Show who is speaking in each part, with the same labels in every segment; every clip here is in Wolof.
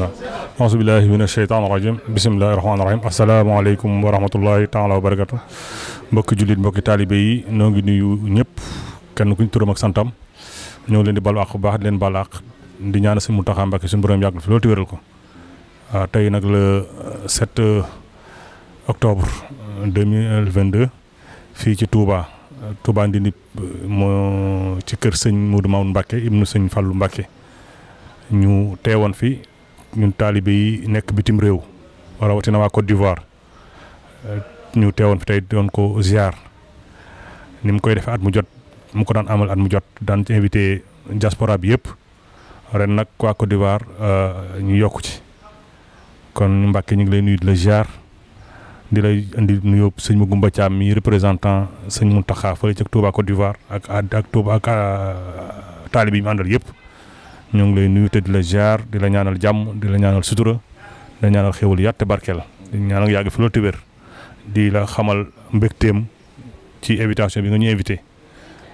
Speaker 1: waa aasubillahi min asheytaan rajim bisimilahi rahmaani rahim asalaamaaleykum wa rahmatullahi taala wa barakatu mbokki jullit ñëpp kenn kuñ turam santam ñoo leen di balu bu baax leen balu di ñaan si mu taxaa mbàkke suñu borom yàgg fi loolu ti wéral ko waaw ah, tey nag le 7 octobre fii ci Touba Touba Ndindipp moo ci kër sëñ Modou Mamoune Mbacke ibnu sëñ Fallou Mbacke ñu teewoon fi ñun taalibe yi nekk bitim réew rawatina waa Côte d'Ivoire euh, ñu teewoon fi tey doon ko ziar ni mu koy defee at mu jot mu ko daan amal at mu jot daan ci invité diaspora bi yëpp ren nag waa Côte d'Ivoire euh, ñu yokku ci kon Mbacke ñu ngi lay nuyu di la ziar di lay indi nuyoo sëñ Magoumba Thiam mi représentant sëñ Mountakha fële ca Touba Côte d'Ivoire ak ak ak euh, taalibe yi mu àndal yëpp. ñoo ngi lay nuyu te di la ziar di la ñaanal jàmm di la ñaanal sutura di la ñaanal xéwal yàtte barkeel di ñaanal yàgg fi loolu téwér di la xamal mbégteem ci invitation bi nga ñu invité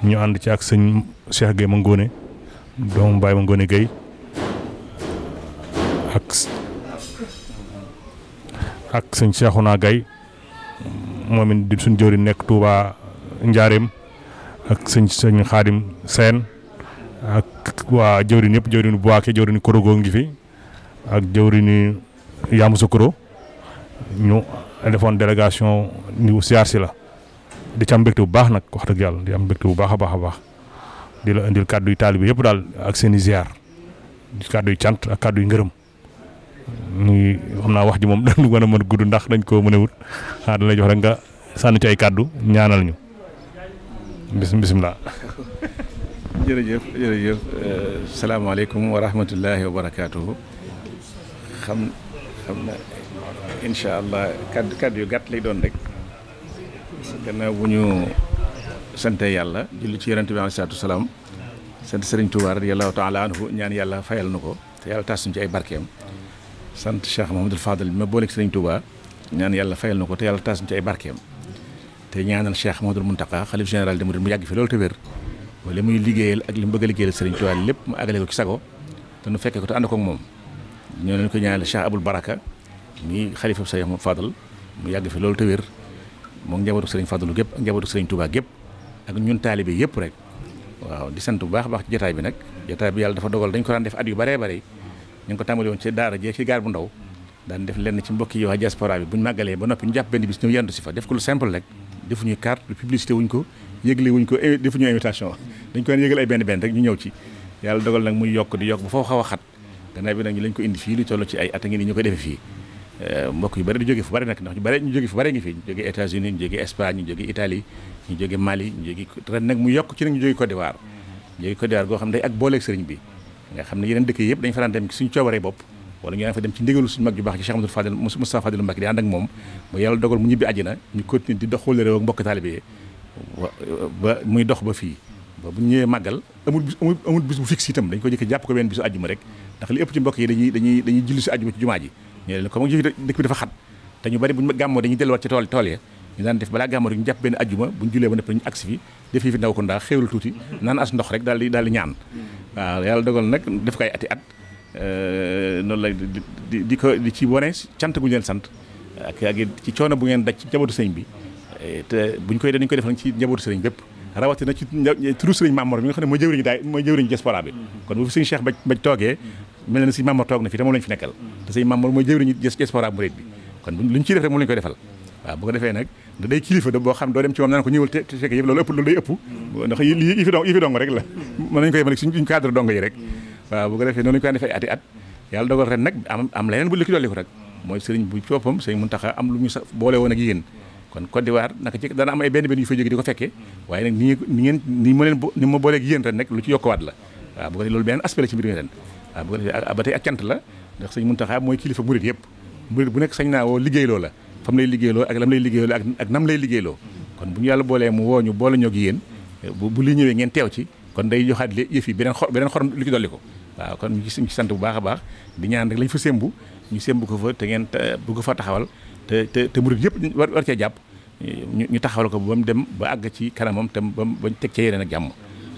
Speaker 1: ñu ànd ci ak sëñ Cheikh Gueye Mangone doomu Baye ak sëñ Cheikhouna Gueye moom it di suñ jëwriñ nekk tuuba Njaareem ak sëñ sëñ Xaadim Seen ak waa jëwriñ yëpp jëwriñu Buwaake jëwriñu Korogo ngi fi ak jëwriñu Yamoussoukro ñu defoon délégation ñu siyaar si la di ci am mbégte bu baax nag wax dëgg yàlla di am mbégte bu baax a baax a baax di la indil kàddu yu taalibe yëpp daal ak seen i ziar kàddu cant ak kàddu yu ngërëm muy xam naa wax ji moom dañu mën a mën gudd ndax dañ koo mënewut ah dana jox rek nga sànni ci ay kàddu ñaanal ñu bis bisimilah.
Speaker 2: jërëjëf jërëjëf euh, salaamaaleykum wa rahmatullahi wa barakaatuhu xam xam na incha allah kàddu kàddu yu gàtt lay doon rek gannaaw bu ñu sante yàlla julli ci yonente bi alayhi salaatu salaam sant sëriñ Tuubaa radiyallaahu taala anhu yàlla fayal na ko te yàlla tas ñu ci ay barkeem sant Cheikh Mahamadul Fadal bi ma booleeg sëriñ Tuubaa ñaan yàlla fayal ko te yàlla tas ñu ci ay barkeem te ñaanal Cheikh Mahamadul Muntaqa xalif général de Mouride mu yàgg fi loolu te wér ba li muy liggéeyal ak li mu bëgg a liggéeyal Sëriñ Tuubaa lépp mu àggale ko ci sago te nu fekkee ko te ànd ko ak moom ñoo leen ko ñaanal Cheikh Abul Baraka mi xalifa Sëriñ Ahmadu Fadal mu yàgg fi loolu te wér moom njabootu Sëriñ Fadalu gépp ak njabootu Sëriñ Tuubaa gépp ak ñun taalibe yëpp rek waaw di sant bu baax baax ci jotaay bi nag jotaay bi yàlla dafa dogal dañ ko daan def at yu bëree bëri ñu ngi ko tàmbali woon ci daara jee ci gaar bu ndaw daan def lenn ci mbokk yi waa diaspora bi buñ màggalee ba noppi ñu jàpp benn bis fa def ko lu simple rek defuñuy carte wuñ ko yëgle wuñ ko eh, defuñu invitation dañ ko yëgal ay benn benn rek ñu ñëw ci yàlla dogal nag muy yokk di yokk ba foofu xaw a xat gannaaw bi nag ñu lañ ko indi fii lu eh, jóge fu bëri ndax ñu bëri ñu jóge fu bëri ngi fi ñu jóge États-Unis ñu jóge Espagne ñu jóge Italie ñu jóge Mali ñu jóge ren mu yokk ci nag ñu jóge Côte d'Ivoire ñu jóge Côte d'Ivoire goo xam ne day ak booleeg sëriñ bi nga xam ne yeneen dëkk yëpp dañ fa daan dem ci coobaree bopp wala ñu daan fa dem ci ndigalu suñu mag ju baax ci Cheikh ba yàlla dogal mu ñibbi àjjana ñu continuer ba muy dox ba fii ba bu ñëwee màggal amul bis amul bis bu fixe itam dañ ko jëkk jàpp ko benn bisu àjjuma rek ndax li ëpp ci mbokk yi dañuy dañuy dañuy julli si àjjuma ci jumaa ji ñu leen comme tool tool ya ñu daan def balaa gàmmoo rek ñu jàpp benn àjjuma buñ jullee ba nepp ñu agsi fi def yi fi ndaw ko ndaa xéewal tuuti naan as ndox rek daal di daal di ñaan waaw yàlla dogal nag def ko ay ati at noonu la di ko di ci wane cant gu ñu leen sant ak ak ci coono bu ngeen daj ci jabatu sëñ bi Eh, te buñ koy def nag ci njabootu sëriñ bépp rawatina ci mooy jëwriñ daay mooy jëwriñ diaspora bi kon bu fi sëriñ Cheikh ba toogee mel na sëriñ Mamor toog na fi te moom lañ koy defal waaw bu ko defee nag da day kilifa da boo xam doo dem ci moom naan ko ñëwal te fekk yëpp loolu ëpp loolu day ëpp ndax yi la mën nañ koy yemale suñ cadre dong bu ko defee sëriñ bu coppam am lu ñu sa boole woon ak yéen kon Côte waar naka ci dana am ay benn benn yu fa jóge di ko fekkee waaye nag ni ni ngeen leen ni ma booleeg yéen ren nag lu ci yokkuwaat la waaw bu ko loolu beneen aspect la ci mbir mi ren waaw bu ko defee ba tey la ndax sëñ Muntaxa mooy kilifa murit yëpp murit nekk sañ naa woo liggéey loo la fam lay liggéeyloo ak lam lay liggéeyloo ak ak nam lay liggéeyloo kon bu ñu yàlla boolee mu wooñu boole ñoo gi yéen bu li ñëwee ngeen teew ci kon day joxaat li yëf yi beneen xor beneen xorom lu ci dolli ko waaw kon ñu ci sant bu baax a baax di ñaan rek lañ fa sémbu ñu sémbu ko fa te ngeen bëgg fa taxawal te te te murid yëpp war war cee jàpp ñu taxawal ko ba mu dem ba àgg ci kanamam tam ba bañ teg ca yeneen ak jàmm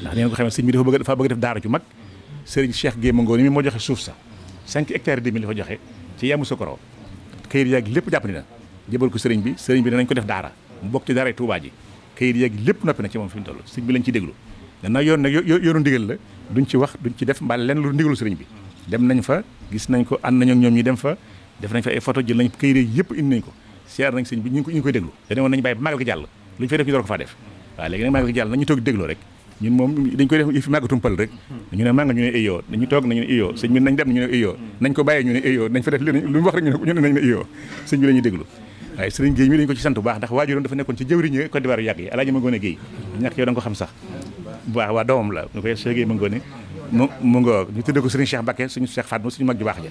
Speaker 2: ndax neen ko xamee sëñ bi dafa bëgg dafa bëgg def daara ju mag sëriñ Cheikh Guémé Ngor ni moo joxe suuf sa 5 hectares demi la fa joxe ci Yamoussoukro këyit yàgg lépp jàpp ni na jëbal ko sëriñ bi sëriñ bi danañ ko def daara mu bokk ci daaray Touba ji këyit yàgg lépp noppi na ci moom fi mu toll sëriñ bi lañ ci déglu gannaaw yoon nag yoonu ndigal la duñ ci wax duñ ci def mbaa lenn lu ndigalu sëriñ bi dem nañ fa gis nañ ko ànd nañu ñoom ñi dem fa def nañ fa ay photo jël yëpp indi nañ bi ko jàll lu ñu fay def ñu door ko faa nañu toog rek ñun moom dañ koy def yëfi ñu ne màggal ñu ne iyoo dañu nañu ñu ne nañ ko bàyyee ñu ne iyoo nañ fa def lu mu wax rek ñu ne nañ ko ci sant baax ndax waajuroon dafa nekkoon ci jëwriñ Côte d'Ivoire yu yàgg yi alaaji ma ngoone Géey ñàkk yow da nga ko xam sax ñu koy Cheikh Géey ma ngoone mu suñu mag ju baax ja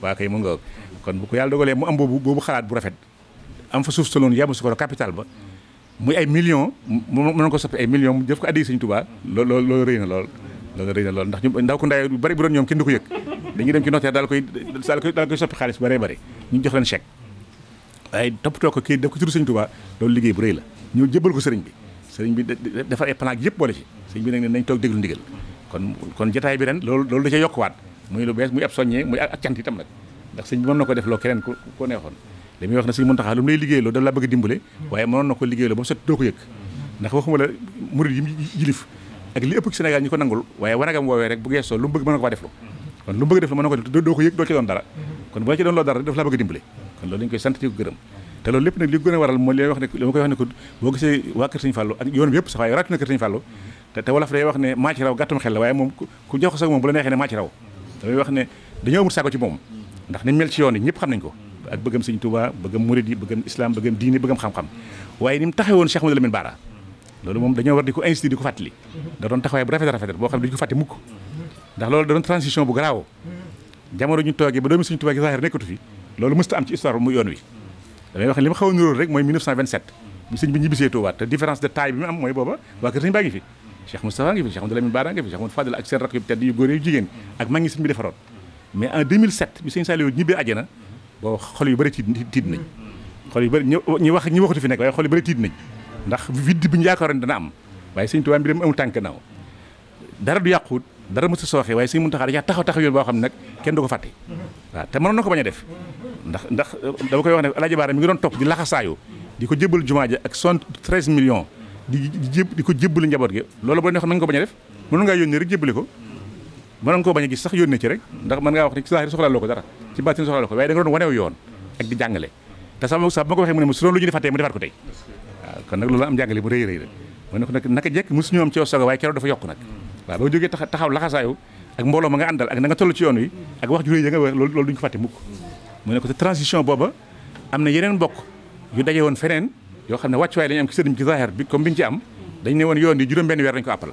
Speaker 2: waaw kay mu kon bu ko yàlla dogalee mu am boobu boobu xalaat bu rafet am fa suuf sa loolu yàmm su ko capital ba muy ay millions mu mën ko soppi ay millions mu jëf ko addi Sëñ Tuubaa loolu loolu lool loolu rëy na lool ndax ñu ndaw ko ndaay bu bari bu doon ñoom kenn du ko yëg dañuy dem ci notaire daal koy daal koy daal koy soppi xaalis bëree loolu liggéey bu rëy la ñëw jébbal ko yëpp boole ci nañ toog déglu ndigal loolu da ca yokkuwaat muy lu bees soññee muy ak cant itam nag ndax sëñ bi na ko def loo keneen ko neexoon li muy wax ne sëñ Muntaxa lu mu lay liggéeyloo da la bëgg dimbale waaye mënoon na ko liggéeyloo ba mu set doo ko yëg ndax waxuma la murid yi mu jilif ak li ëpp ci Sénégal ñu ko nangul waaye wanagam woowee rek bu geesoo lu mu bëgg mën na loo daf la bëgg dimbale kon loolu lañ koy sant ko gërëm te loolu lépp nag li gën a waral mooy li ma koy wax ne ko boo gisee waa kër sëñ Fallou ak yoon bi sax waaye rawatina kër sëñ Fallou te te wolof day wax ne maa ci raw gàttum xel la waaye moom ku jox ko sax moom bu la neexee ne maa raw damay ndax ni mel ci yoon yi ñëpp xam nañ ko ak bëggam sëñ Touba bëggam murid yi bëggam islam bëggam diine bëggam xam-xam waaye ni mu taxawee woon Cheikh Amadou Lamine Bara loolu moom dañoo war di ko incité di ko fàttali da doon taxawaay bu rafet rafet boo xam ne duñ ko fàtte mukk ndax loolu da doon transition bu garaaw jamono ñu toogee ba doomi sëñ Touba gi zahir nekkatu fi loolu mësta am ci histoire mu yoon wi damay wax ne li ma xaw a niróol rek mooy 1927 bi sëñ bi ñibbisee Touba te différence de taille bi mu am mooy booba waa kër sëñ baa ngi fi Cheikh Moustapha ngi fi Cheikh Amadou Lamine Bara ngi fi Cheikh Amadou Fadel ak seen rakk yu tedd yu góor yu jigéen ak mag ngi sëñ bi defaroon mais en 2007 bi sëñ Saliou ñibbee àjjana boo xol yu bëri tiit nañ xol yu bëri ñi wax ñi waxatu fi nekk waaye xol yu bëri tiit nañ ndax vidde bi ñu yaakaaroon dana am waaye sëñ Tuubaa mbiram amul tànk dara du yàquut dara mësu sooxee waaye sëñ Muntaxaa yaa taxaw taxaw yoon boo xam ne nag kenn du ko fàtte waaw te mënoon na ko bañ a def ndax ndax koy wax ne Alaaji Baara mi ngi doon topp di laxasaayu di ko jëbbal jumaa ja ak 73 millions di di ko jëbbal njaboot gi loolu boo neexoon na nga ko bañ a def mënoon ngaa yónnee rek jëbbali ko mënoon koo bañ a gis sax yónnee ci rek ndax mën ngaa wax ne ci saahir soxlaaloo ko dara ci baatin soxlaaloo ne ma su ñu defaat ko tey waaw kon nag loolu am jàngale ko nag waaye keroog dafa yokk nag waaw ba jógee taxaw laxasaayu ak mbooloo nga àndal ak na nga toll ci yoon yi ak wax ju rëy ya nga mukk mu ne ko te transition booba am na yeneen mbokk yu daje woon feneen yoo xam ne wàccuwaay lañu am ci sëriñ ci saahir bi comme biñ ci am dañ ne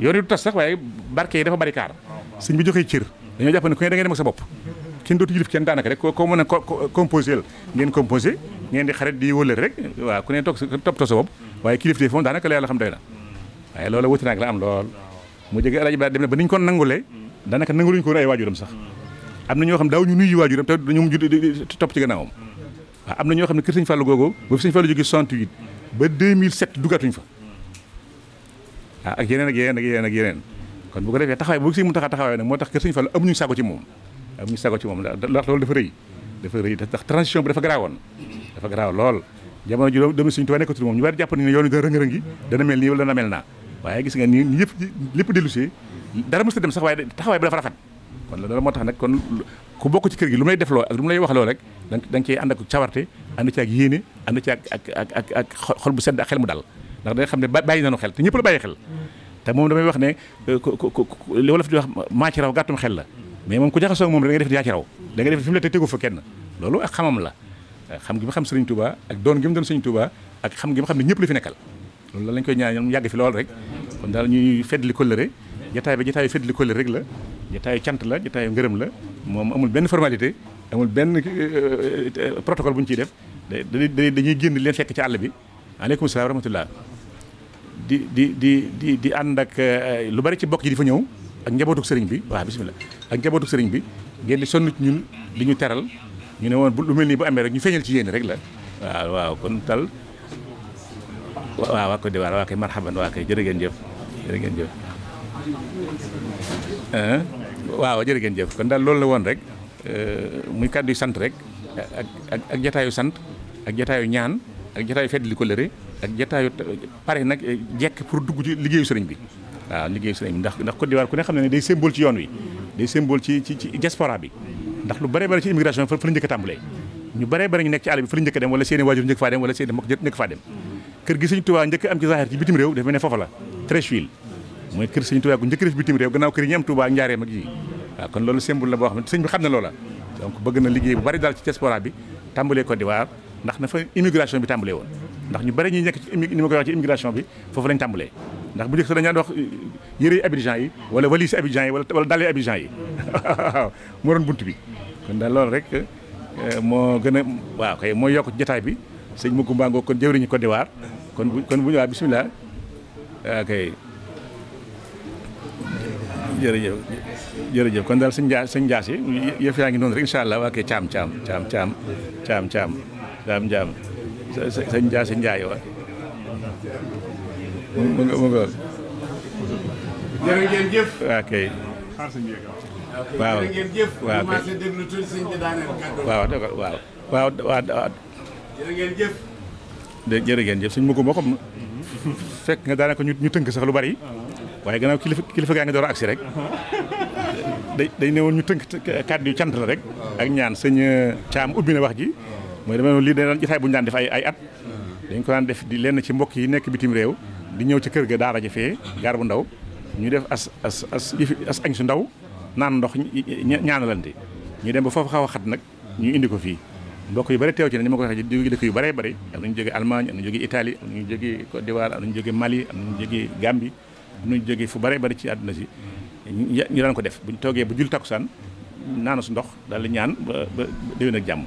Speaker 2: yoon yu tas sax waaye barke yi dafa bari kaar bi joxee cër dañoo jàpp ne ku ne da ngay sa bopp kenn dootu yilif kenn daanaka rek ko mën a composé la ngeen ku ne toog toppatoo sa bopp waaye kilif de moom daanaka la yàlla xam doy na waaye loolu wuti naag la am lool mu jóge alaji ba dem na ba niñ ko nangulee daanaka nanguluñ ko woon ay waajuram sax am na ñoo xam daaw ñu nuyu waajuram te dañu mujj topp ci gannaawam waaw am na ñoo xam ne kër sëñ Fallou googu ba fi sëñ Fallou jóge 68 ba 2007 dugatuñ fa ak yeneen ak yeneen ak yeneen ak yeneen kon bu defee taxawaay bu si mu taxaa taxawaay nag moo tax kër Sëñ Fallu amuñu sago ci moom amuñu sago ji doomi Sëñ Tuubaa nekkatul moom ñu bari jàpp ne yoon nga rëng-rëngi dana mel nii wala ta dem taxawaay bi dafa rafet kon loolu moo tax nag kon ku bokk ci kër gi lu mu lay defloo ak lu mu lay waxloo rek da nga cee ànd ak cawarte ànd ci ak yéene ànd ak ak ak xol bu sedd ak xel mu dal ndax day xam ne bàyyi nañu xel te ñëpp la bàyyi xel te moom damay wax ne euh, li wolof di wax maa ci raw gàttum xel la mais moom ku jaxasoo ak moom da ngay def yaa ci raw da ngay def fi mu la te tegu fa kenn loolu ak xamam la euh, xam gi ma xam Sëriñ Touba ak doon gi mu doon Sëriñ Touba ak xam gi ma xam ne ñëpp la fi nekkal loolu la lañ koy ñaanal mu yàgg fi lool rek kon daal ñuy feddli kóllëre jataay bi jataayu feddli kóllëre rek la jataayu cant la jataayu ngërëm la moom amul benn formalité amul benn euh, protocole bu ñu ciy def dañuy génn leen fekk ci àll bi aleykum salaam wa di di di di ànd ak eh, lu bari ci bokk ji di fa ñëw ak njabootuk sëriñ bi waa bisimilah ak njabootuk sëriñ bi ngeen di sonn ci ñun di ñu teral ñu ne woon bu lu mel nii bu amee rek ñu feeñal ci yéen rek la waaw waaw kon tal waaw waa koy marhaban waa koy jërë ngeen jëf jërë ngeen jëf eh, waaw jërë ngeen jëf kon daal loolu la woon rek eh, muy kàddu sant rek ak ak ak jataayu sant ak jataayu ñaan ak jotaayu fedd li ko lëre ak jotaayu pare nag jekk pour dugg ci liggéeyu sëriñ bi waaw liggéeyu sëriñ bi ndax ndax Côte d'Ivoire ku ne xam ne day symbole ci yoon wi day symbole ci ci ci bi ndax lu bare bare ci immigration fa la njëkk a ñu nekk fa dem kër gi sëñ Tuubaa njëkk am ci zahir ci bitim réew dafa ne foofa la Treichville mooy kër sëñ Tuubaa gu njëkk def bitim réew gannaaw kër yi ñu am Tuubaa njaaree mag yi waaw kon loolu symbole la boo xam ne sëñ bi xam ndax na fa immigration bi tàmbalee woon ndax ñu bari ñuy nekk ci ni ma koy immigration bi foofu lañ tàmbalee ndax bu njëkk sax dañu daan wax euh, yëre yi Abidjan yi wala valise Abidjan yi wala dàll yi Abidjan yi waaw moo doon bunt bi kon daal loolu rek euh, moo gën a waaw kay mooy yokk jataay bi sëñ Makumba ngoo kon jëwriñu Côte d'Ivoire kon bu kon bu ñu waa bisimilah ah, kay jërëjëf jërëjëf kon daal sëñ Dia yëf yaa ngi noonu rek incha allah waa kay caam caam caam caam caam caam daam njaam sa sa njaa si njaay wa
Speaker 1: mu waaw waaw waaw waaw
Speaker 2: waaw waaw jërë ngeen jëf suñ mukku moo xam fekk nga daanaka ñu tënk sax lu bari waaye gannaaw kilifa kilifa gaa ngi door a agsi rek dañ ne woon ñu tënk kàddu yu cant rek ak ñaan sëñ caam ubbi na wax ji mooy demee noonu lii dañ daan jotaay bu ñu daan def ay at dañ ko daan def di lenn ci mbokk yi nekk bitim réew di ñëw ci kër ga daara ja fee gaar bu ndaw ñu def as as as añ su ndaw naan ndox ñaanalante ñu dem ba foofu xaw a xat nag ñu indi ko fii mbokk yu bëri teew ci ne ni ma ko waxee dëkk yu bëree bëri am nañu jóge Allemagne am nañu jóge Italie am nañu jóge jóge Mali am nañu jóge Gambie am fu bëree bëri ci àdduna si ñu daan ko def buñ toogee bu jul takkusaan naanu su ndox daal di ñaan ba ba déwén ak jàmm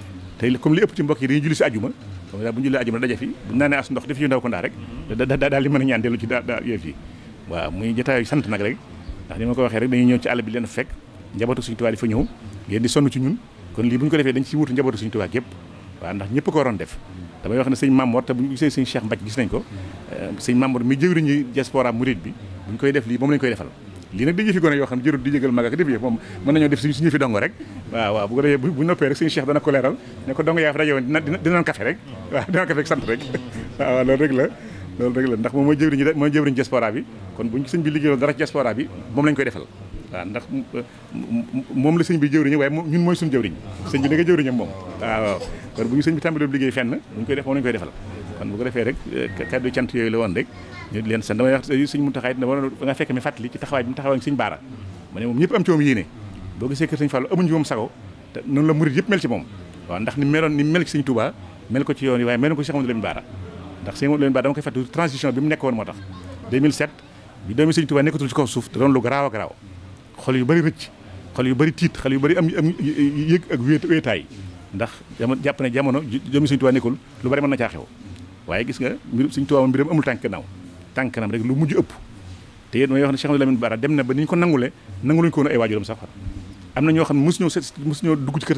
Speaker 2: te comme li ëpp ci mbokk yi dañuy julli si àjjuma comme daal bu ñu jullee àjjuma daje fi bu ñu naanee as ndox def yu ndaw ko ndaa rek daal a ñaan dellu daa daa yëf nag rek ndax ma ko waxee rek dañuy ñëw ci àll bi leen fekk njabootu suñu tubaab yi fa ñëw ngeen di sonn ci ñun kon lii bu ko defee dañ ci wutu njabootu suñu tubaab yëpp waaw ndax ñëpp ko waroon def damay wax ne sëñ Mamour te bu ñu gisee sëñ Cheikh Mbaj gis nañ ko euh, sëñ Mamour mi jëwriñu diaspora murid bi bu koy def lii moom lañ koy defal lii nag dañuy fi gone yoo xam jërul di jégal mag ak def yëpp moom mën nañoo def suñu fi dong rek waaw waaw bu ko defee bu noppee rek suñu cheikh dana ko leeral ne ko dong yaa fi dajewoon dina dinañ café rek waaw dinañ café sant rek waaw waaw la loolu rek ndax moom mooy jëwriñ mooy jëwriñ diaspora bi kon buñ sëñ bi liggéeyoon dara diaspora bi moom lañ koy defal waaw ndax euh, moom la sëñ bi jëwriñ waaye ñun mooy suñu jëwriñ sëñ bi nga jëwriñam moom waaw waaw kon bu ñu sëñ bi tàmbalee liggéey fenn buñ koy def moom lañ koy defal kon bu ko defee rek euh, kaddu cant yooyu la woon rek ñu di leen sant damay wax suñ mu taxaay da nga fekk mi fàttali ci taxawaay bi mu taxawaay suñ baara ma ne moom ñëpp am ci moom yéene boo meloon ni mel ko ci yoon yi waaye mel ko si xamante baara ndax sëñ leen baara dama koy fàttali transition bi mu nekk woon moo tax 2007 bi doomi sëñ Touba nekkatul ci kaw suuf te doon lu garaaw a garaaw xol yu bari rëcc xol yu yu bari am am yëg ak wéetaay ndax jàpp ne jamono doomi sëñ Touba nekkul lu bari mën na waaye gis nga mbirum suñ tubaab mbiram amul tànk naaw tànk kanam rek lu mujj ëpp te it na ba ni ko nangule nanguluñ ko woon ay xam ne mosuñoo seet mosuñoo dugg ci kër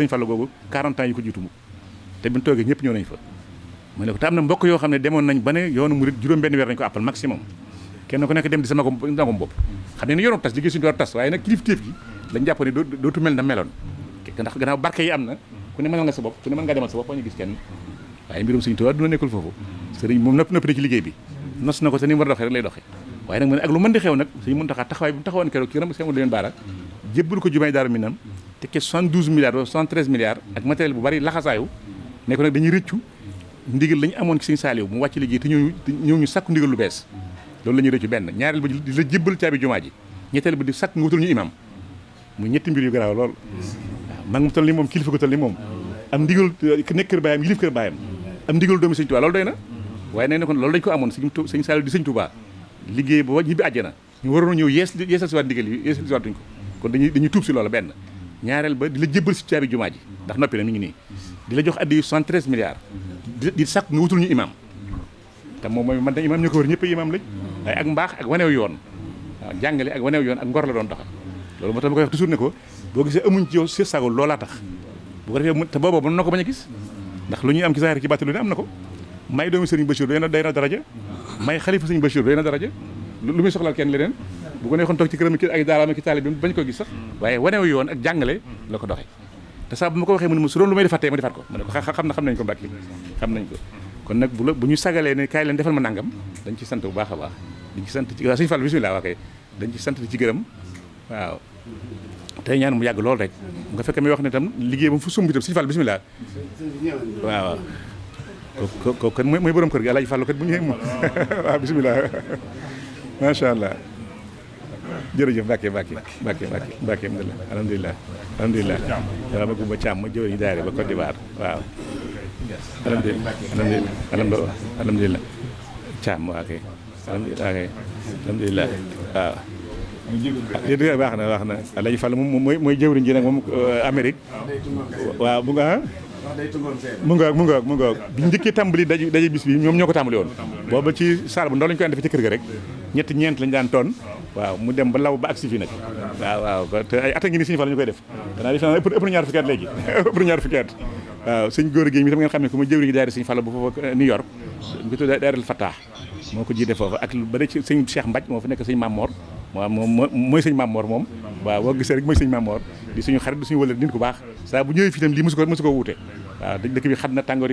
Speaker 2: Sëñ xam ne demoon nañ ba ne yoonu murit juróom benn weer nañ ko àppal maximum kenn ku nekk dem di sama ko nangom bopp xam ne ne yoonu tas liggéey suñu duna nekkul foofu sëriñ moom nëpp nëpp na ci liggéey bi nos na ko te ni mu war a doxee rek lay doxee waaye nag mu ak lu mën di xew nag suñu mën taxaa taxawaay bi mu taxawoon keroog ci nag mu wàcc nga wutal ñu imam mu ñetti mbir yu garaaw lool waaw mag mu ni moom kilifa ko toll ni moom am ndigal doomi sëñ Tuubaa loolu doy na waaye nee na kon loolu lañ ko amoon sëñ sëñ Saliou di sëñ Touba liggéey ba ñibbi àjjana ñu waroon ñëw yees yeesal si waat ndigal yi yeesal si waat duñ ko kon dañuy dañuy si loola benn ñaareel ba di la jébbal si caabi jumaa ji ndax noppi na mi ngi di la jox addi yu 73 milliards di di sàkk nga ñu imam te moom mooy man da imam ñu ko wër ñëpp imam lañ waaye ak mbaax ak waneew yoon waaw jàngale ak waneew yoon ak ngor la doon doxal loolu moo tax ma koy wax toujours ne ko boo gisee amuñ ci yow sir sagol loolaa tax bu ko defee te booba mën na ko bañ a gis ndax lu ñuy am ci saxaar ci bàtti lu am na ko may doomi sëriñ Bachir day na day na daraja may xalifa sëriñ Bachir day na daraja lu muy soxlaal kenn leneen bu ko neexoon toog ci këram ki ay daaraama ki taalib bi bañ ko gis sax waaye wanewu yoon ak jàngale la ko doxee te saa bu ma ko waxee mu ne ma su doon lu may defaatee ma defaat ko ma ne ko xam na xam nañ ko mbàkk xam nañ ko kon nag bu la bu ñu sagalee ne kaay leen defal ma nangam dañ ci sant bu baax a baax dañ ci sant ci waaw suñu fàll bisimilah waa kay gërëm waaw tey ñaan mu yàgg loolu rek nga fekk mi wax ne tam liggéey ba mu fu sumb itam suñu fàll bisimilah ko ko kan mooy borom kër gi Alaaji Fàllu kat bu ñëwee moom waaw bisimilah macha allah jërëjëf Mbacke Mbacke Mbacke Mbacke Mbacke alhamdulilah alhamdulilah yàlla ma gumba càmm jëwriñ daare ba Côte d'Ivoire waaw alhamdulilah alhamdulilah alhamdulilah càmm waa kay alhamdulilah waaw jërëjëf baax na baax na Alaaji Fàllu moom mooy mooy jëwriñ ji nag moom Amérique waaw bu nga ah? mu ngoog mu ngoog mu ngoog bi njëkkee tàmbali daje daje bis bi ñoom ñoo ko tàmbali woon booba ci saal bu ndaw lañ ko daan defee ci kër ga rek ñetti ñeent lañ daan toon waaw mu dem ba law ba agsi fii nag waaw waaw te ay a ngi nii suñu fa ñu koy def danaa def ëpp na ñaar fukki at léegi ëpp na gi mi tam xam ne ku ma jëwriñu daayira sëñ Fallu bu foofa uh, New York bi tudd daayiratul Fatah moo ko jiite foofa ak ba de ci sëñ Cheikh Mbaj moo fa nekk sëñ Mamor waaw moom mooy sëñ Mamor moom waaw boo gisee rek mooy sëñ Mamor di suñu xarit di suñu wëlër nit ku baax saa bu ñëwee fii tam lii mosu ko mosu ko wuute waaw dëkk bi xat na tàngoor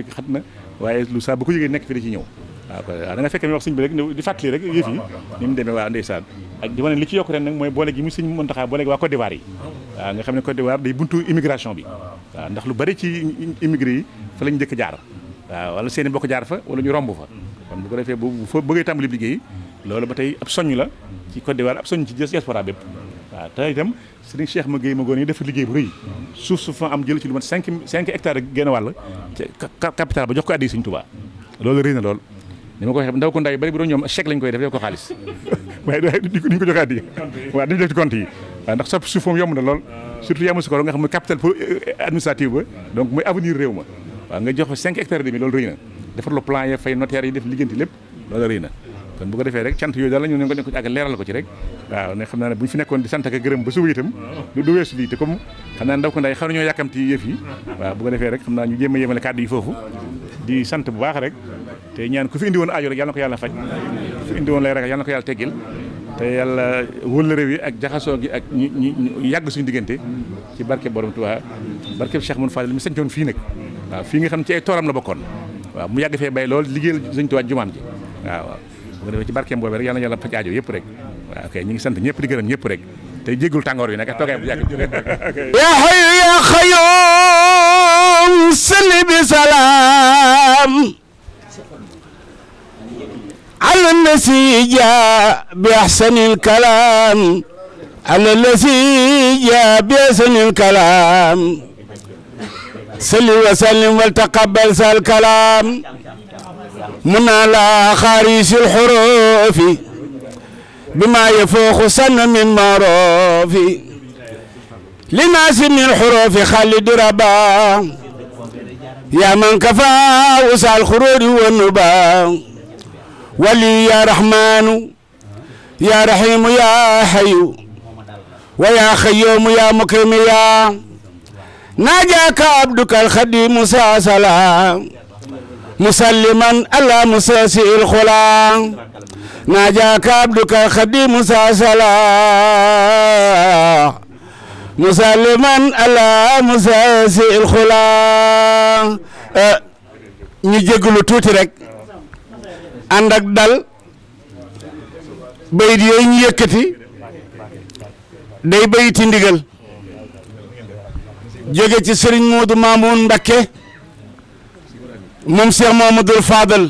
Speaker 2: waaye lu saa bu ko yëgee nekk fi da ciy ñëw waaw da nga fekk mi wax sëñ bi rek di fàttali rek yëf yi mu demee mu sëñ Mountakha boole gi waa Côte yi waaw nga xam ne Côte d'Ivoire day buntu immigration bi waaw ndax lu bari ci immigré yi fa lañ njëkk jaar waaw wala seen bokk jaar fa wala ñu romb fa kon bu ko defee bu fa bëggee tàmbali liggéey ba tey la ci Côte d'Ivoire ab soññ ci waaw te itam sëriñ Cheikh ma Guèye ma goon yi dafa liggéey bu rëy suuf su fa am jël ci lu mat cinq cinq hectares wàll capital ba jox ko addi sëriñ Touba loolu rëy na lool ni ma ko waxee ndaw ko ndaw yi bari bu doon ñoom chèque lañ koy def def ko xaalis waaye duñ ko jox addi waaw dañu def ci compte yi waaw ndax sa suuf moom yomb na lool surtout Yamoussoukro nga xam ne capital pour euh, administrative ba donc mooy avenir réew ma waaw nga jox na defar lu plan ya lépp na kon bu ko defee rek cant yooyu daal la ne ko nekk ak leeral ko ci rek waaw ne xam naa ne bu ñu fi nekkoon di sant ak gërëm ba suba itam du du weesu lii te comme xam naa ndaw ko nday xam nañoo yàkkamti yëf yi waaw bu ko defee rek xam naa ñu jéem a yéemale kàddu yi foofu di sant bu baax rek te ñaan ku fi indi woon rek yàlla na ko yàlla faj ku fi indi woon lay rek yàlla na ko teggil te yàlla wëllëre wi ak jaxasoo gi ak ñu ñu yàgg suñu diggante ci barke borom Tuubaa barkeb Cheikh Mun Fadil mi fii nag waaw fii nga xam ne ci la bokkoon waaw mu bay lool liggéeyal Sëñ Tuubaa jumaam ji waaw waaw bu defee ci barkeem boobee rek yàlla na yàlla faj aajo rek waaw ok ñu ngi sant ñëpp di gërëm ñëpp rek te jéggul tàngoor wi nag toogee bu yàgg yaa
Speaker 3: xayu yaa bi salaam ala lasi jaa bi ahsanil kalaam ala lasi wal taqabbal sal kalaam منا لا خاريس الحروف بما يفوق سن من معروف لناس من الحروف خالد ربا يا من كفى وسع الخرور والنبا ولي يا رحمن يا رحيم يا حي ويا خيوم يا مكرم يا ناجاك عبدك الخديم سلام مسلما على مساسي الخلا ناجاك عبدك الخديم ساسلا مسلما على مساسي الخلا ñu jégalu tuuti rek ànd ak dal bayit yooyu ñu yëkkati day bayiti ndigal jóge ci sëriñ Moodu Maamun moom Cheikh Mamadou Fadal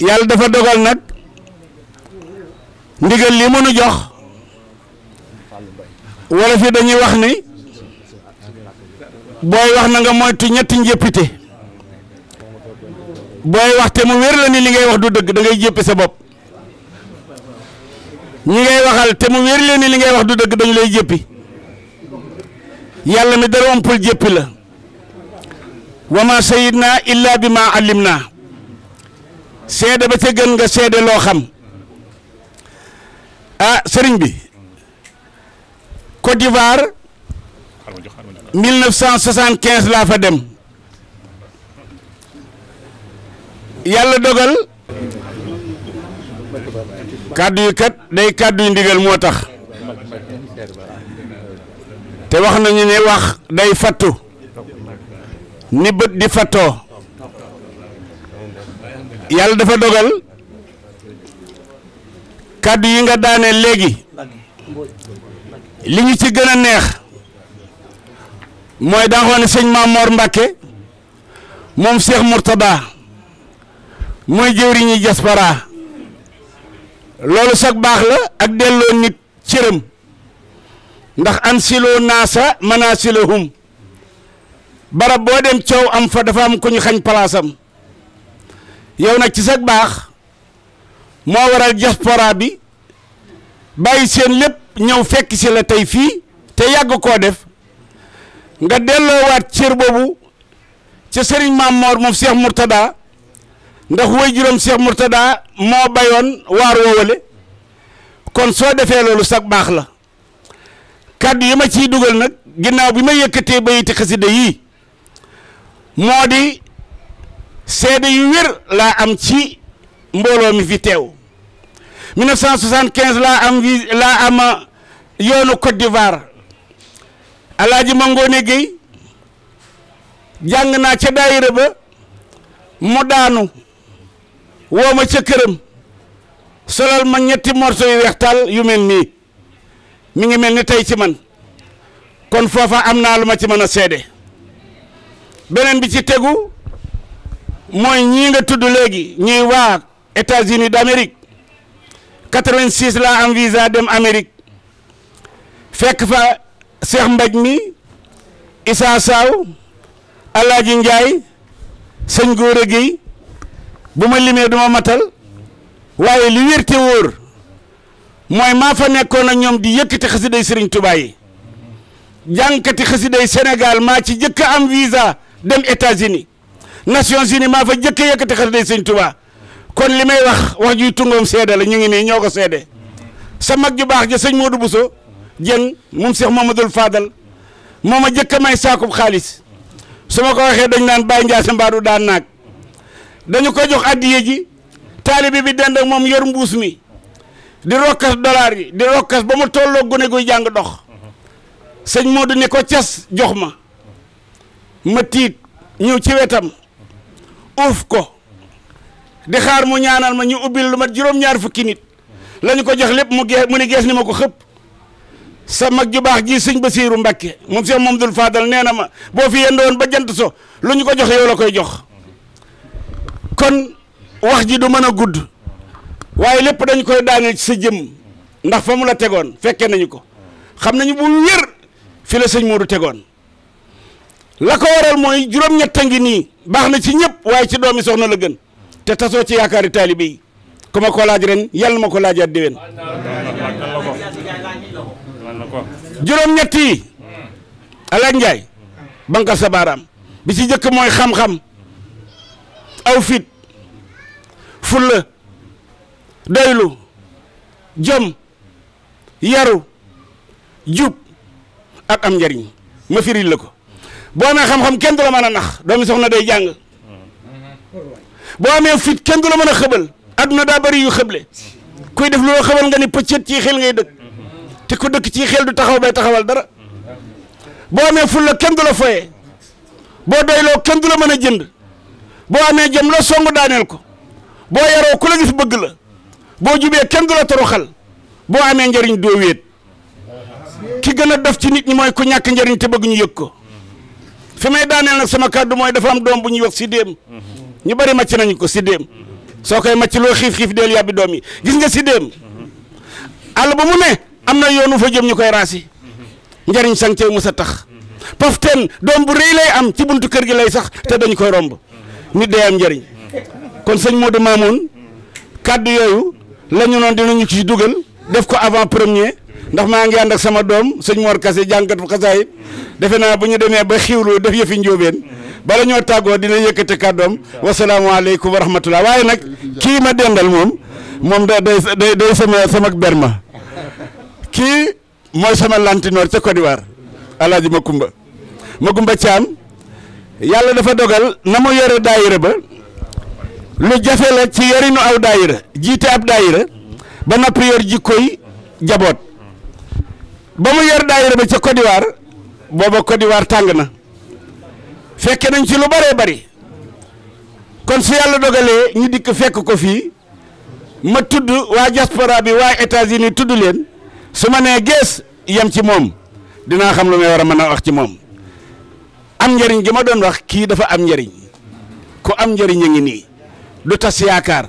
Speaker 3: yàlla dafa dogal nag ndigal li mënu jox wala fi dañuy wax ni booy wax na nga moytu ñetti njëppite booy wax te mu wér la ni li ngay wax du dëgg dangay ngay jéppi sa bopp ñi ngay waxal te mu wér la ni li ngay wax du dëgg dañ lay jéppi yàlla mi dara ompul jéppi la wa ma sayidna illa bi ma allim naa seede ba ca gën nga seede loo xam ah sëriñ bi Côte d'Ivoire 1975 laa fa dem yàlla dogal kàddu yi kat day kàddu yu ndigal moo tax te wax nañu ne wax day fattu ni bët di fattoo yàlla dafa dogal kàddu yi nga daane léegi li ñu ci gën a neex mooy daa xoo sëñ Maamoor Mbàkke moom Cheikh Mourtada mooy jëwriñu diaspora loolu sax baax la ak delloo nit cëram ndax an siloo naasa manaa silahum barab boo dem coow am fa dafa am ku ñu xañ palaasam yow nag ci sag baax moo waral diaspora bi bàyyi seen lépp ñëw fekk si la tey fii te yàgg koo def nga delloowaat cër boobu ca sëriñ Maam Moor moom Cheikh Mourtada ndax way juróom Cheikh Mourtada moo bayoon waar woowale kon soo defee loolu sag baax la kàddu yi ma ciy dugal nag ginnaaw bi ma yëkkatee bayiti xasida yii moo di seede yu wér laa am ci mbooloo mi fi teew 1975 laa am vi laa am euh, yoonu Côte d'Ivoire Alaaji Mangone Gueye jàng naa ca daayira ba mu daanu woo ma ca këram solal ma ñetti morso yu weextaal yu mel nii mi ngi mel ni tey ci man kon foofa am naa lu ma ci mën a seede beneen bi ci tegu mooy ñii nga tudd léegi ñuy waa États-Unis d'Amérique 86 laa am visa dem Amérique fekk fa Cheikh Mbaj mi Issa Saw Alaaji Njaay sëñ Góora Géy bu ma limee duma matal waaye li wér te mooy maa fa nekkoon ak ñoom di yëkkati xasiday Sëriñ Tuubaa yi jànkati xasiday Sénégal maa ci jëkk am visa dem États-Unis Nations Unies maa fa jëkk yëkkati xasida Sëñ Tuubaa kon li may wax wax juy tungoom seede la ñu ngi nii ñoo ko seede sa mag ju baax ja sëñ Modou Bousso Dieng moom Cheikh Mamadou Fadal moo ma jëkk may saakub xaalis su ma ko waxee dañ naan Baye Ndiass Mbadou daan naag dañu ko jox addiye ji taalibe bi dend ak moom yor mbuus mi di rokkas dollar yi di rokkas ba mu tolloo gune guy jàng dox sëñ Modou ne ko cas jox ma ma tiit ñëw ci wetam uuf ko di xaar mu ñaanal ma ñu ubbil lu mat juróom-ñaar fukki nit lañu ko jox lépp mu gees mu ni gees ni ma ko xëpp sa mag ju baax ji sëñ ba mu Mbàkke moom sëñ Mamdul Faadal nee na ma boo fi yendoon ba jant so lu ñu ko joxee yow koy jox kon wax ji du mën a gudd waaye lépp dañ koy daaneel ci sa jëm ndax fa mu la tegoon fekke nañu ko xam nañu bu wér fi la sëñ Moodu tegoon la ko waral mooy juróom-ñett a ngi nii baax na ci ñëpp waaye ci doomi soxna la gën te tasoo ci yaakaar taalibe yi ku ma ko laaj ren yàlla ma ko laajaat déwén juróom-ñett yi alaaj njaay banka sa baaraam bi ci jëkk mooy xam-xam aw fit fulla doylu jom yaru jub ak am njariñ ma firil la ko boo amee xam-xam kenn du la mën a nax doomi soxna day jàng boo amee fit kenn du la mën a xëbal adduna daa bëri yu xëble kuy def loolu xëbal nga ni pëccet ci xel ngay dëkk te ku dëkk ci xel du taxaw bay taxawal dara boo amee ful la kenn du la foyee boo doyloo kenn du la mën a jënd boo amee jëm la songu daaneel ko boo yaroo ku la gis bëgg la boo jubee kenn du la toroxal boo amee njariñ doo wéet ki gën a def ci nit ñi mooy ku ñàkk njariñ te bëgg ñu yëg ko fi may daaneel nag sama kàddu mooy dafa am doom bu ñuy wax si déem mhm. ñu bari màcc nañu ko si déem soo koy màcc loo xiif xiif deel yàbbi doom yi gis nga si déem mhm. àll ba mu ne am na yoonu fa jëm ñu koy raasi mhm. njariñ sang ceeb mu sa tax pafteen doom bu rëy lay am ci buntu kër gi lay sax te dañ koy romb nit day am njariñ kon sëñ Modou Mamoun kàddu yooyu la ñu noon dinañu ci dugal def ko avant premier ndax maa ngi ànd ak sama doom sëñ Mor Kase jàngat xasaayit defe naa bu ñu demee ba xiwlu def yëfi njóobeen bala ñoo tàggoo dina yëkkati kàddoom wasalaamaaleykum wa rahmatullah waaye nag kii ma dendal moom moom da day day sama sama berma kii mooy sama lantinoor ca Côte d'Ivoire alaaji Makumba Makumba Caam yàlla dafa dogal na mu yore daayira ba lu jafe la ci yorinu aw daayira jiite ab daayira ba noppi yor jikkoy jaboot ba mu yor daayira ba ca Côte d'Ivoire booba Côte d'Ivoire tàng na fekke nañ ci lu bëree bari kon su yàlla dogalee ñu dikk fekk ko fii ma tudd waa diaspora bi waa États-Unis tudd leen su ma nee gees yem ci moom dinaa xam lu may war a mën a wax ci moom am njëriñ gi ma doon wax kii dafa am njëriñ ku am njëriñ a ngi nii du tas yaakaar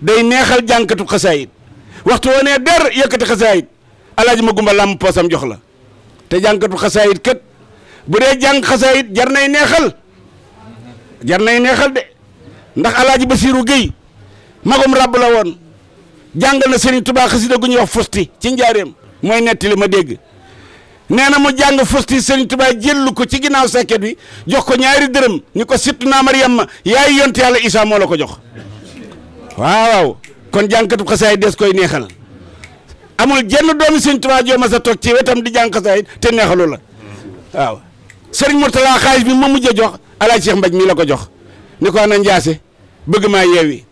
Speaker 3: day neexal jànkatu xasaayit waxtu woo nee der yëkkati xasaayit alaaji ma gumba làmb poosam jox la te jànkatu xasaayit kat bu dee jàng xasaayit jar nay neexal jar nay neexal de ndax alaaji Basiiru Géy magum ràbb la woon jàngal na Sëriñ Tuubaa xasida gu ñuy wax fusti ci njaareem mooy nettali ma dégg nee na mu jàng fusti Sëriñ Tuubaa jëllu ko ci ginnaaw seket bi jox ko ñaari dërëm ñu ko sittu naa Maryam ma yaay yonte yàlla Isaa moo la ko jox waaw kon jànkatu xasaayit des koy neexal amul jenn doomi sëñ Tuubaa joo ma sa toog ci wetam di jàng xasaayit te neexalu la waaw sëriñ Mourtala xaalis bi ma mujj a jox alaaj Mbaj mii la ko jox ni ko ana Njaase bëgg maa yeewi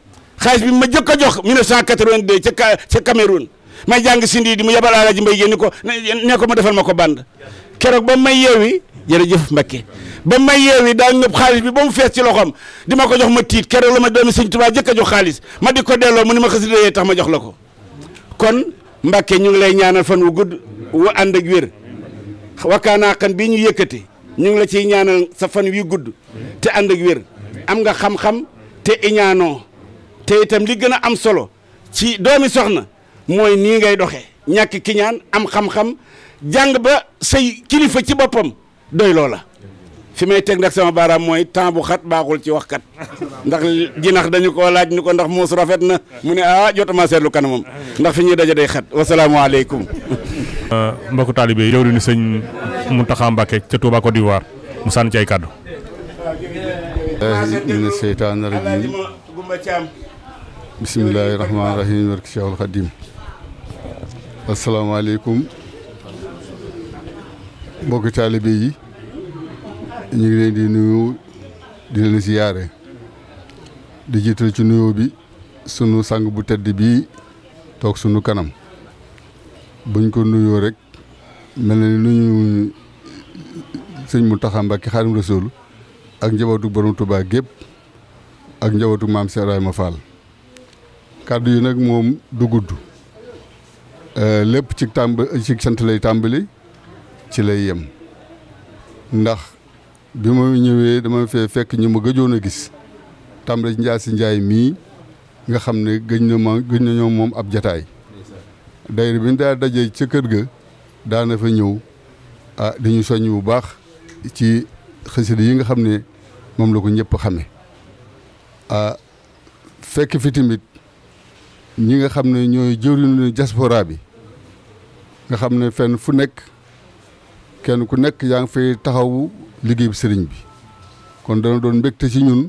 Speaker 3: xaalis bi ma jëkk a jox 1982 ca ca Cameroun may jàng sindi di mu yebal alaaj Mbay yéen ko ne ko ma defal ma ko band keroog ba may yeewi jërëjëf Mbakke ba may yeewi daa ñëpp xaalis bi ba mu fees ci loxoom di ma ko jox ma tiit keroog la ma doomi sëñ Tuubaa jëkk a jox xaalis ma di ko delloo mu ni ma xasida yee tax ma jox la ko kon Mbàkke ñu ngi lay ñaanal fan wu gudd wu ànd ak wér wakaanaaxan bii ñu yëkkati ñu ngi la ciy ñaanal sa fan wi gudd te ànd ak wér am nga xam-xam te iñaanoo te itam li gën a am solo ci doomi soxna mooy nii ngay doxee ñàkk kiñaan am xam-xam jàng ba say kilifa ci boppam doy loola fi may teg nag sama baaraam mooy temps bu xat baaxul ci wax kat ndax jinax dañu ko laaj ñu ko ndax muus rafet na mu ne ah jotuma seetlu kanamam ndax fi ñuy daja day xat wasalaamaaleykum.
Speaker 1: Euh, mbokku taalibe yi jëwriñu sëñ Mountakha
Speaker 4: Mbacké kàddu. mina seytaani rajiim bismillaahi yi. ñu ngi leen di nuyu di leen siyaare di jiital ci nuyoo bi sunu sang bu tedd bii toog sunu kanam buñ ko nuyoo rek mel na ni nuyu sëñ Mountakha Mbacké Xaadimu Rasuul ak njabootu borom Tuubaa gépp ak njabootu maam Cheikh Ibrahima kàddu yi nag moom du gudd lépp ci sant lay tàmbali ci lay yem ndax bi ma ñëwee dama fee fekk ñu ma gëjoon a gis tàmbale Njaasi Njaay mii nga xam ne gëj na ma gëj na ñoo moom ab jataay dayre bi ñu daa dajee ca kër ga daana fa ñëw ah dañu soññ bu baax ci xasida yi nga xam ne moom la ko ñëpp xame ah fekk fi tamit ñi nga xam ne ñooy jëriñu diaspora bi nga xam ne fenn fu nekk kenn ku nekk yaa ngi fay taxawu liggéey bu sëriñ bi kon dana doon mbégte ci ñun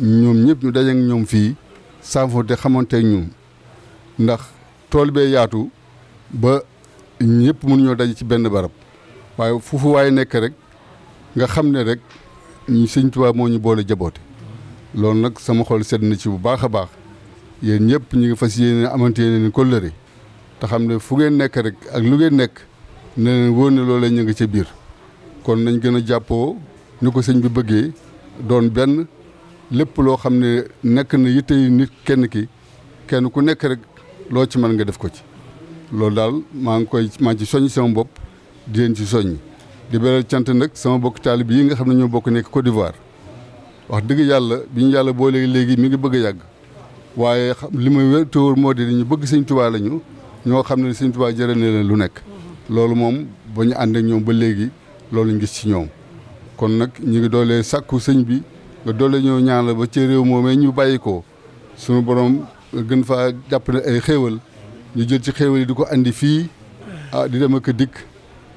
Speaker 4: ñoom ñëpp ñu dajeek ñoom fii saafo te xamoon te ñun ndax tool bee yaatu ba ñëpp mun ñoo daje ci benn barab waaye foofu waay nekk rek nga xam ne rek ñu sëñ Tuubaa moo ñu boole jaboote loolu nag sama xol sedd na ci bu baax a baax yéen ñëpp ñu ngi fas yéene amante yéene kóllëre te xam ne fu ngeen nekk rek ak lu ngeen nekk ne leen wóor ne loolee ñu ngi ca biir kon nañ gën a jàppoo ni ko sëñ bi bëggee doon benn lépp loo xam ne nekk na yitte yi nit kenn ki kenn ku nekk rek loo ci mën nga def ko ci loolu daal maa ngi koy maa ci soññ sama bopp di leen ci soññ di beral cant nag sama bokk taalib yi nga xam ne ñoo bokk nekk Côte d'Ivoire wax dëgg yàlla bi ñu yàlla boole léegi mi ngi bëgg a yàgg waaye li ma wér te moo di ñu bëgg sëñ Tuubaa lañu ñoo xam ne sëñ Tuubaa jëral na leen lu nekk loolu moom ba ñu ànd ñoom ba léegi loolu ñu gis ci ñoom kon nag ñu ngi doolee sàkku sëñ bi nga doole ñoo ñaan la ba ci réew moomee ñu bàyyi ko sunu borom gën faa jàpp ne ay xéewal ñu jël ci xéewal yi di ko indi fii a ah, di dem ak dikk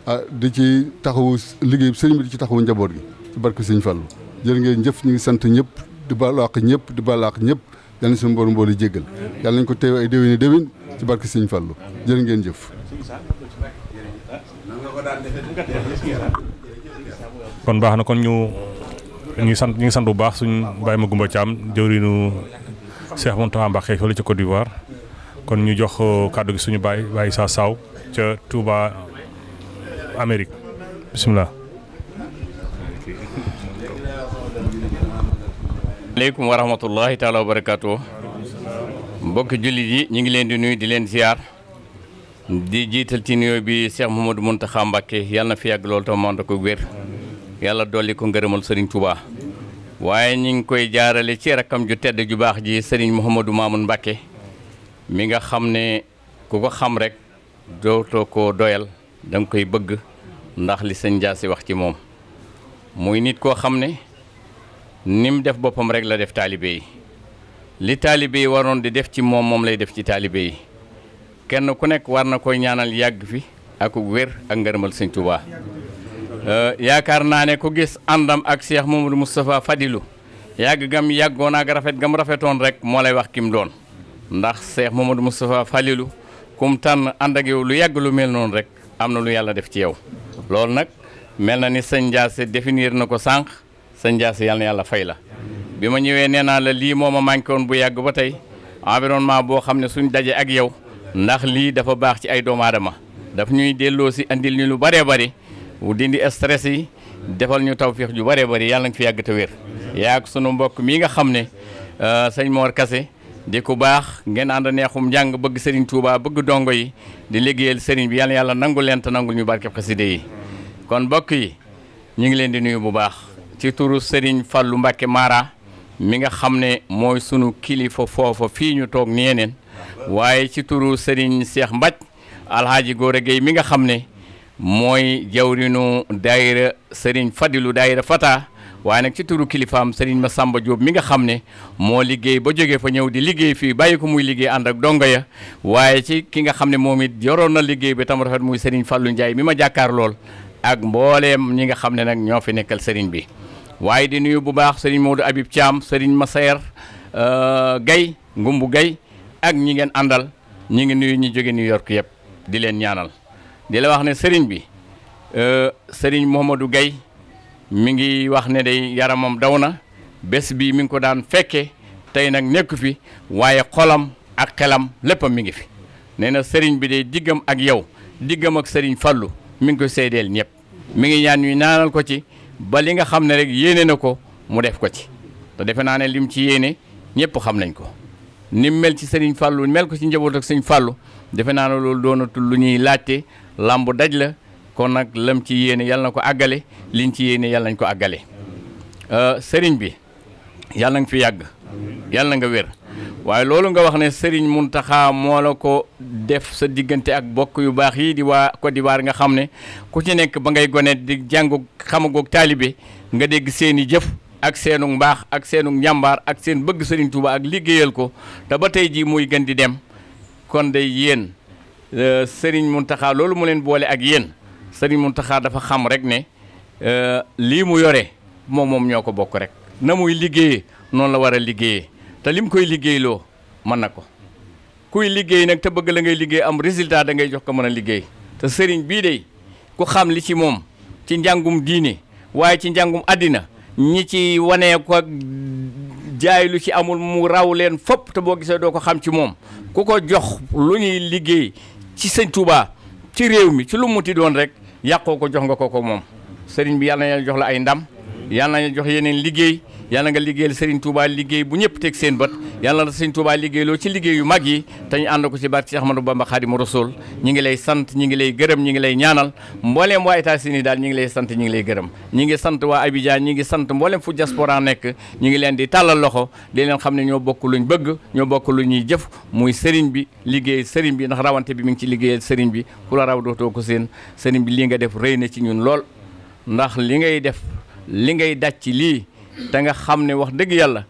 Speaker 4: ah, di ci taxawu liggéey sëñ bi di ci taxawu njaboot gi ci barke sëñ Fallou jël ngeen jëf ñu ngi sant ñëpp di baalu àq ñëpp di baalu àq ñëpp yal na suñu borom mboolu jéggal yal nañ ko teew ay déwéni déwén ci barke sëñ Fallou jël ngeen jëf
Speaker 1: kon baax na kon ñu ñu sant ñu ngi sant bu baax suñu Baye Magoumba Thiam jëwriñu Cheikh Mountakha Mbacké fële ci d'Ivoire kon ñu jox euh, kàddu gi suñu Baye Baye Issa Sow ca Touba Amérique bisimilah.
Speaker 5: aleykum wa rahmatullahi taala wa barakaatu. mbokki jullit yi ñu ngi leen di nuyu di leen ziar. di jiital ci nuyoo bi Cheikh Mouhamadou Mountakha Mbacké yàlla na fi yàgg loolu tam mën ko wér yàlla dolli ko ngërëmal sëriñ Touba waaye ñu ngi koy jaarale ci rakkam ju tedd ju baax ji sëriñ Mouhamadou Mamoun Mbacké mi nga xam ne ku ko xam rek dootoo ko doyal danga koy bëgg ndax li sëñ si wax ci moom muy nit koo xam ne ni mu def boppam rek la def taalibe yi li taalibe yi waroon di def ci moom moom lay def ci taalibe yi kenn ku nekk war na koy ñaanal yàgg fi ak wér ak ngërëmal sëñ Tuubaa euh, yaakaar naa ne ku gis àndam ak Cheikh Mamadou Moustapha Fadilu yàgg gam yàggoon ak rafet gam rafetoon rek moo lay wax kim doon ndax Cheikh Mamadou Moustapha Fadilu kum tànn ànd ak yow lu yàgg lu mel noonu rek am na lu yàlla def ci yow loolu nag mel na ni sëñ Ndiasse définir na ko sànq sëñ Ndiasse yàlla na yàlla fay la bi ma ñëwee nee naa la lii moo ma manqué woon bu yàgg ba tey environnement boo xam ne suñ daje ak yow ndax lii dafa baax ci ay doomu aadama daf ñuy delloo si andil ñu lu bëree bëri wu dindi stress defal ñu tawféex ju bëree bëri yàlla nga fi yàgg te wér yaa ak sunu mbokk mii nga xam ne euh, sëñ moor Kase di ku baax ngeen ànd neexum njàng bëgg Serigne Touba bëgg dongo yi di liggéeyal Serigne bi yàlla yàlla nangu leen nangu nangul ñu barkeb xaside yi kon mbokk yi ñu ngi leen di nuyu bu baax ci turu Serigne Fallou Mbacke Mara mi nga xam ne mooy sunu kilifa foofu fii ñu toog nee waaye ci turu sëriñ Cheikh Mbaj alhaaji Gora Gueye mi nga xam ne mooy jawrinu daayira Serigne Fadilu daayira Fata waaye nag ci turu kilifaam Serigne Massamba Diop mi nga xam ne moo liggéey ba jóge fa ñëw di liggéey fii bàyyi ko muy liggéey ànd ak donga ya waaye ci ki nga xam ne moom it yoroon na liggéey bi tam rafet muy Serigne Fallou Ndiaye mi ma jàkkaar lool ak mbooleem ñi nga xam ne nag ñoo fi nekkal Serigne bi waaye di nuyu bu baax Serigne Modou Habib Thiam Serigne Massaer euh, Guèye Ngumbu Guèye ak ñi ngeen àndal ñi ngi nuyu ñu jóge New York yëpp di leen ñaanal di la wax ne sëriñ bi euh, sëriñ Mouhamadou gay mi ngi wax ne day yaramam daw na bés bii mi ngi ko daan fekke tey nag nekku fi waaye xolam ak xelam léppam mi ngi fi nee na sëriñ bi day diggam ak yow diggam ak sëriñ Fallou mi ngi ko seedeel ñëpp mi ngi ñaan ñuy naanal ko ci ba li nga xam ne rek yéene na ko mu def ko ci te defe naa ne lim ci yéene ñëpp xam nañ ko ni mel ci Serigne Fallou mel ko ci njaboot ak Serigne Fallou defe naa ne loolu doonatul lu ñuy laajte làmb daj la kon nag lam ci yéene yàlla na ko àggale liñ ci yéene yàlla nañ ko àggale euh, sëriñ bi yàlla nga fi yàgg yàlla nga wér waaye loolu nga wax ne Serigne Mountakha moo la ko def sa diggante ak bokk yu baax yi di waa Côte d'Ivoire nga xam ne ku ci nekk ba ngay gone di jàng xamagoog taalibe nga dégg seeni jëf. ak seenu mbaax ak seenu njàmbaar ak seen bëgg Serigne Touba ak liggéeyal ko te ba tey jii muy gën di dem kon day yéen mun euh, Mountakha loolu mu leen boole ak yéen Serigne taxaa dafa xam rek ne euh, lii mu yore moom moom ñoo ko bokk rek na muy liggéeyee noonu la war a liggéeyee te lim koy liggéeyloo mën na ko kuy liggéey nag te bëgg la ngay liggéey am résultat da ngay jox ko mën a liggéey te Serigne bii de ku xam li ci moom ci njàngum diine waaye ci njàngum àddina ñi ci wanee ko jaay lu ci amul mu raw leen fopp te boo gisee doo ko xam ci moom ku ko jox lu ñuy liggéey ci sëñ Touba ci réew mi ci lu muti doon rek yàqoo ko jox nga ko ko moom sëriñ bi yàlla na jox la ay ndam yàlla na jox yeneen liggéey yàlla nga liggéeyal Serigne Touba liggéey bu ñëpp teg seen bët yàlla na Serigne Touba liggéeyloo ci liggéey yu mag yi te ñu ànd ko ci barke Ahmadou Bamba Khadimu Rasul ñi ngi lay sant ñi ngi lay gërëm ñi ngi lay ñaanal mbooleem waa États-Unis daal ñi ngi lay sant ñi ngi lay gërëm ñi ngi sant waa Abidjan ñi ngi sant mbooleem fu diaspora nekk ñi ngi leen di tàllal loxo di leen xam ne ñoo bokk luñ bëgg ñoo bokk lu ñuy jëf muy Serigne bi liggéey Serigne bi ndax rawante bi mi ngi ci liggéeyal Serigne bi ku raw dootoo ko seen Serigne bi li nga def rëy na ci ñun lool ndax li ngay def li ngay daj ci lii te nga xam ne wax dëgg yàlla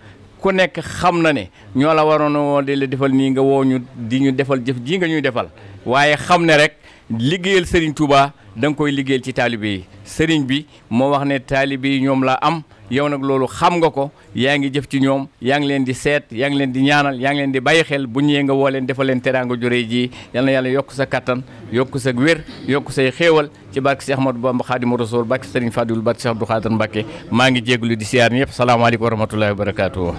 Speaker 5: ku nekk xam na ne ñoo la waroon woo di la defal nii nga woo ñu di ñu defal jëf jii nga ñuy defal waaye xam ne rek liggéeyal sëriñ Touba da nga koy liggéeyal ci taalibe yi sëriñ bi moo wax ne taalibe yi ñoom laa am yow nag loolu xam nga ko yaa ngi jëf ci ñoom yaa ngi leen di seet yaa ngi leen di ñaanal yaa ngi leen di bàyyi xel bu ñëwee nga woo leen defal leen teraanga jure ji yal na yàlla yokk sa kattan yokk sa wér yokk say xéewal ci barke Cheikh Ahmadou Bamba Khadimu Rasul barke Serigne Fadilou barke Cheikh Abdou Khadir maa ngi jégalu di siyaar ñëpp salaamaaleykum wa rahmatullahi wa barakatuh